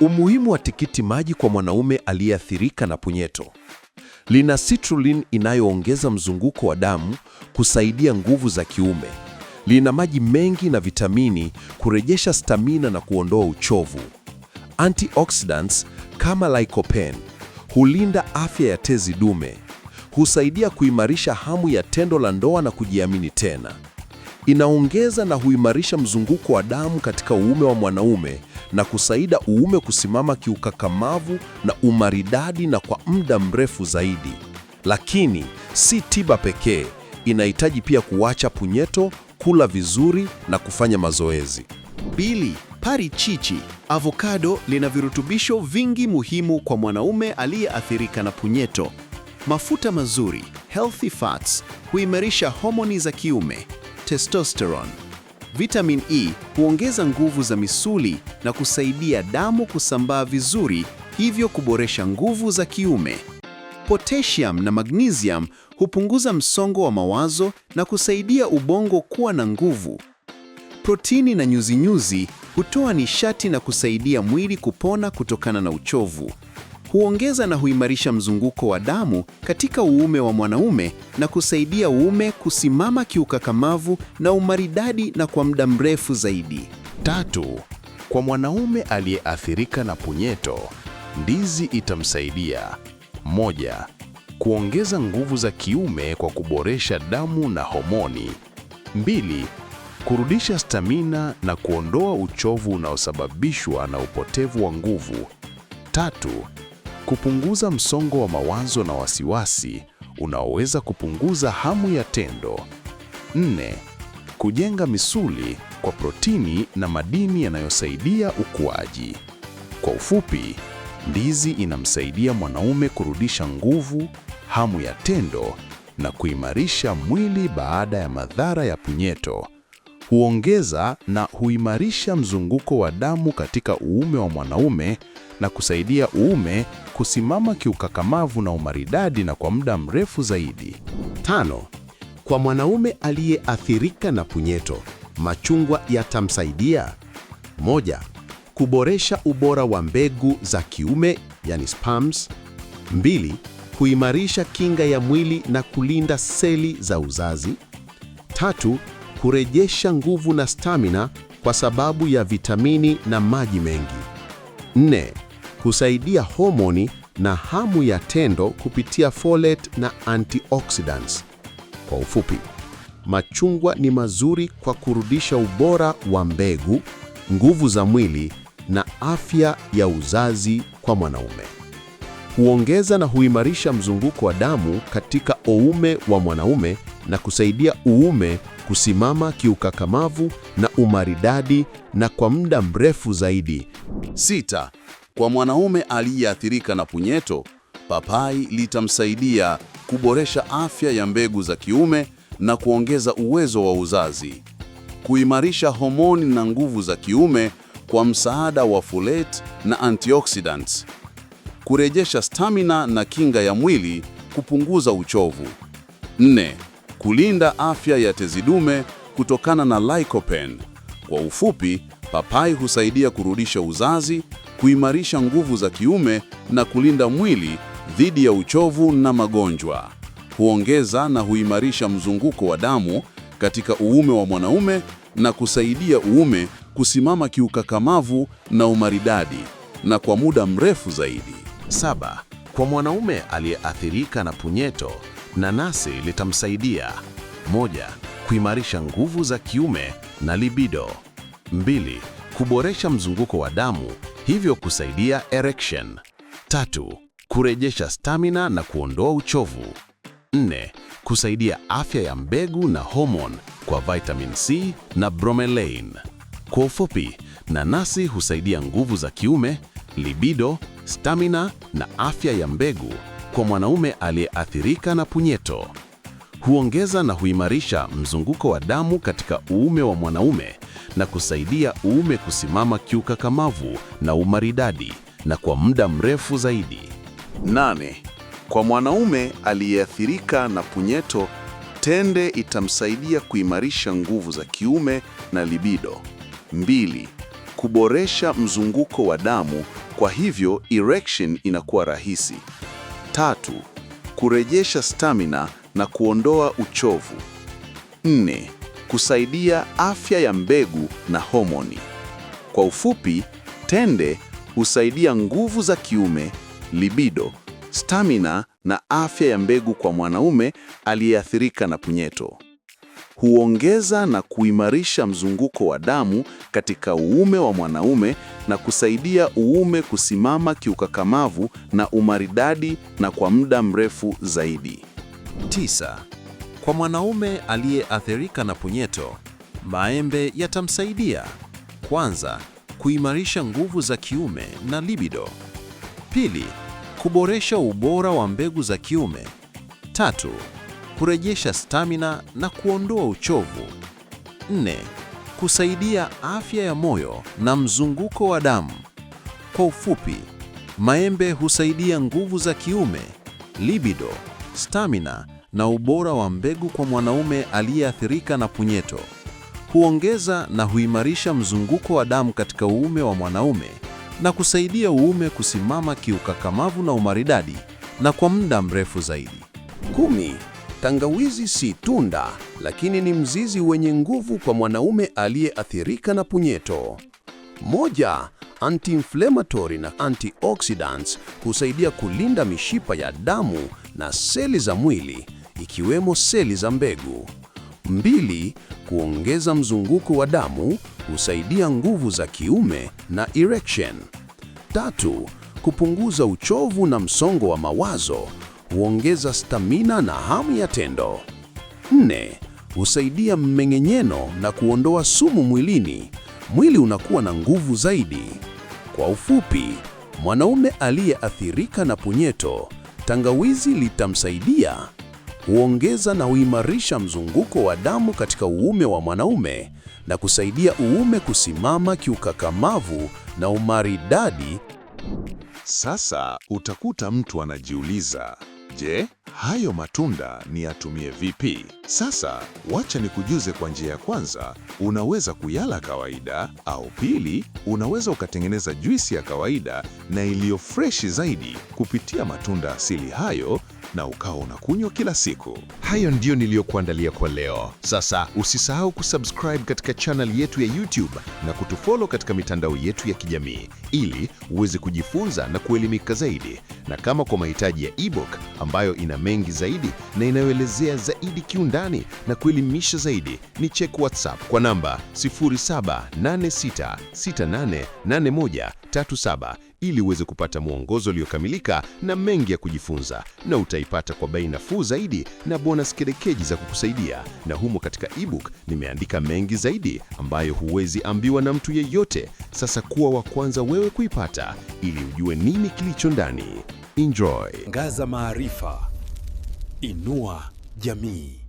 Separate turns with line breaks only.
Umuhimu wa tikiti maji kwa mwanaume aliyeathirika na punyeto. Lina citrulline inayoongeza mzunguko wa damu, kusaidia nguvu za kiume. Lina maji mengi na vitamini kurejesha stamina na kuondoa uchovu. Antioxidants kama lycopene hulinda afya ya tezi dume, husaidia kuimarisha hamu ya tendo la ndoa na kujiamini tena. Inaongeza na huimarisha mzunguko wa damu katika uume wa mwanaume na kusaida uume kusimama kiukakamavu na umaridadi na kwa muda mrefu zaidi. Lakini si tiba pekee, inahitaji pia kuacha punyeto, kula vizuri na kufanya mazoezi.
Pili, parachichi. Avokado lina virutubisho vingi muhimu kwa mwanaume aliyeathirika na punyeto. Mafuta mazuri, healthy fats, huimarisha homoni za kiume, testosterone Vitamin E huongeza nguvu za misuli na kusaidia damu kusambaa vizuri, hivyo kuboresha nguvu za kiume. Potassium na magnesium hupunguza msongo wa mawazo na kusaidia ubongo kuwa na nguvu. Protini na nyuzinyuzi hutoa nishati na kusaidia mwili kupona kutokana na uchovu huongeza na huimarisha mzunguko wa damu katika uume wa mwanaume na kusaidia uume kusimama kiukakamavu na umaridadi na kwa muda mrefu zaidi.
Tatu, kwa mwanaume aliyeathirika na punyeto, ndizi itamsaidia. Moja, kuongeza nguvu za kiume kwa kuboresha damu na homoni. Mbili, kurudisha stamina na kuondoa uchovu unaosababishwa na upotevu wa nguvu. Tatu, kupunguza msongo wa mawazo na wasiwasi unaoweza kupunguza hamu ya tendo. Nne, kujenga misuli kwa protini na madini yanayosaidia ukuaji. Kwa ufupi, ndizi inamsaidia mwanaume kurudisha nguvu, hamu ya tendo na kuimarisha mwili baada ya madhara ya punyeto. Huongeza na huimarisha mzunguko wa damu katika uume wa mwanaume na kusaidia uume kusimama kiukakamavu na umaridadi na kwa muda mrefu zaidi.
Tano, kwa mwanaume aliyeathirika na punyeto, machungwa yatamsaidia. Moja, kuboresha ubora wa mbegu za kiume, yani sperms. Mbili, kuimarisha kinga ya mwili na kulinda seli za uzazi. Tatu, kurejesha nguvu na stamina kwa sababu ya vitamini na maji mengi. Nne, husaidia homoni na hamu ya tendo kupitia folate na antioxidants. Kwa ufupi, machungwa ni mazuri kwa kurudisha ubora wa mbegu, nguvu za mwili na afya ya uzazi kwa mwanaume. Huongeza na huimarisha mzunguko wa damu katika uume wa mwanaume na kusaidia uume kusimama kiukakamavu na umaridadi na kwa muda mrefu zaidi.
Sita. Kwa mwanaume aliyeathirika na punyeto, papai litamsaidia kuboresha afya ya mbegu za kiume na kuongeza uwezo wa uzazi, kuimarisha homoni na nguvu za kiume kwa msaada wa folate na antioxidants, kurejesha stamina na kinga ya mwili, kupunguza uchovu. Nne, kulinda afya ya tezi dume kutokana na lycopene, kwa ufupi Papai husaidia kurudisha uzazi, kuimarisha nguvu za kiume na kulinda mwili dhidi ya uchovu na magonjwa. Huongeza na huimarisha mzunguko wa damu katika uume wa mwanaume na kusaidia uume kusimama kiukakamavu na umaridadi na kwa muda mrefu zaidi.
Saba, kwa mwanaume aliyeathirika na punyeto, nanasi litamsaidia. Moja, kuimarisha nguvu za kiume na libido. Mbili, kuboresha mzunguko wa damu, hivyo kusaidia erection. Tatu, kurejesha stamina na kuondoa uchovu. Nne, kusaidia afya ya mbegu na homon kwa vitamin C na bromelain. Kwa ufupi, nanasi husaidia nguvu za kiume, libido, stamina na afya ya mbegu kwa mwanaume aliyeathirika na punyeto. Huongeza na huimarisha mzunguko wa damu katika uume wa mwanaume na kusaidia uume kusimama kiukakamavu na umaridadi na kwa muda mrefu zaidi.
Nane, kwa mwanaume aliyeathirika na punyeto, tende itamsaidia kuimarisha nguvu za kiume na libido. Mbili, kuboresha mzunguko wa damu, kwa hivyo erection inakuwa rahisi. Tatu, kurejesha stamina na kuondoa uchovu. Nne, kusaidia afya ya mbegu na homoni. Kwa ufupi, tende husaidia nguvu za kiume, libido, stamina na afya ya mbegu kwa mwanaume aliyeathirika na punyeto. Huongeza na kuimarisha mzunguko wa damu katika uume wa mwanaume na kusaidia uume kusimama kiukakamavu na umaridadi na kwa muda mrefu zaidi.
Tisa. Kwa mwanaume aliyeathirika na punyeto, maembe yatamsaidia kwanza, kuimarisha nguvu za kiume na libido; pili, kuboresha ubora wa mbegu za kiume; tatu, kurejesha stamina na kuondoa uchovu; nne, kusaidia afya ya moyo na mzunguko wa damu. Kwa ufupi, maembe husaidia nguvu za kiume, libido, stamina na ubora wa mbegu kwa mwanaume aliyeathirika na punyeto. Huongeza na huimarisha mzunguko wa damu katika uume wa mwanaume na kusaidia uume kusimama kiukakamavu na umaridadi na kwa muda mrefu zaidi.
Kumi. Tangawizi si tunda, lakini ni mzizi wenye nguvu kwa mwanaume aliyeathirika na punyeto. Moja, anti-inflammatory na antioxidants husaidia kulinda mishipa ya damu na seli za mwili ikiwemo seli za mbegu. Mbili, kuongeza mzunguko wa damu, husaidia nguvu za kiume na erection. Tatu, kupunguza uchovu na msongo wa mawazo, huongeza stamina na hamu ya tendo. Nne, husaidia mmeng'enyeno na kuondoa sumu mwilini. Mwili unakuwa na nguvu zaidi. Kwa ufupi, mwanaume aliyeathirika na punyeto, tangawizi litamsaidia huongeza na huimarisha mzunguko wa damu katika uume wa mwanaume na kusaidia uume kusimama kiukakamavu na umaridadi.
Sasa utakuta mtu anajiuliza, je, hayo matunda ni yatumie vipi? Sasa wacha nikujuze kwa njia ya kwanza, unaweza kuyala kawaida, au pili, unaweza ukatengeneza juisi ya kawaida na iliyo freshi zaidi kupitia matunda asili hayo na ukawa unakunywa kila siku.
Hayo ndiyo niliyokuandalia kwa leo. Sasa usisahau kusubscribe katika channel yetu ya YouTube na kutufollow katika mitandao yetu ya kijamii ili uweze kujifunza na kuelimika zaidi, na kama kwa mahitaji ya ebook ambayo ina mengi zaidi na inayoelezea zaidi kiundani na kuelimisha zaidi, ni check WhatsApp kwa namba 0786688137 ili uweze kupata mwongozo uliokamilika na mengi ya kujifunza, na utaipata kwa bei nafuu zaidi na bonus kedekeji za kukusaidia. Na humo katika ebook nimeandika mengi zaidi ambayo huwezi ambiwa na mtu yeyote. Sasa kuwa wa kwanza wewe kuipata ili ujue nini kilicho ndani. Enjoy. Ngaza maarifa, inua jamii.